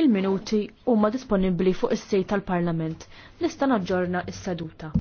Il-minuti huma disponibbli fuq is-sejt tal-Parlament. Nista' naġġorna s-seduta.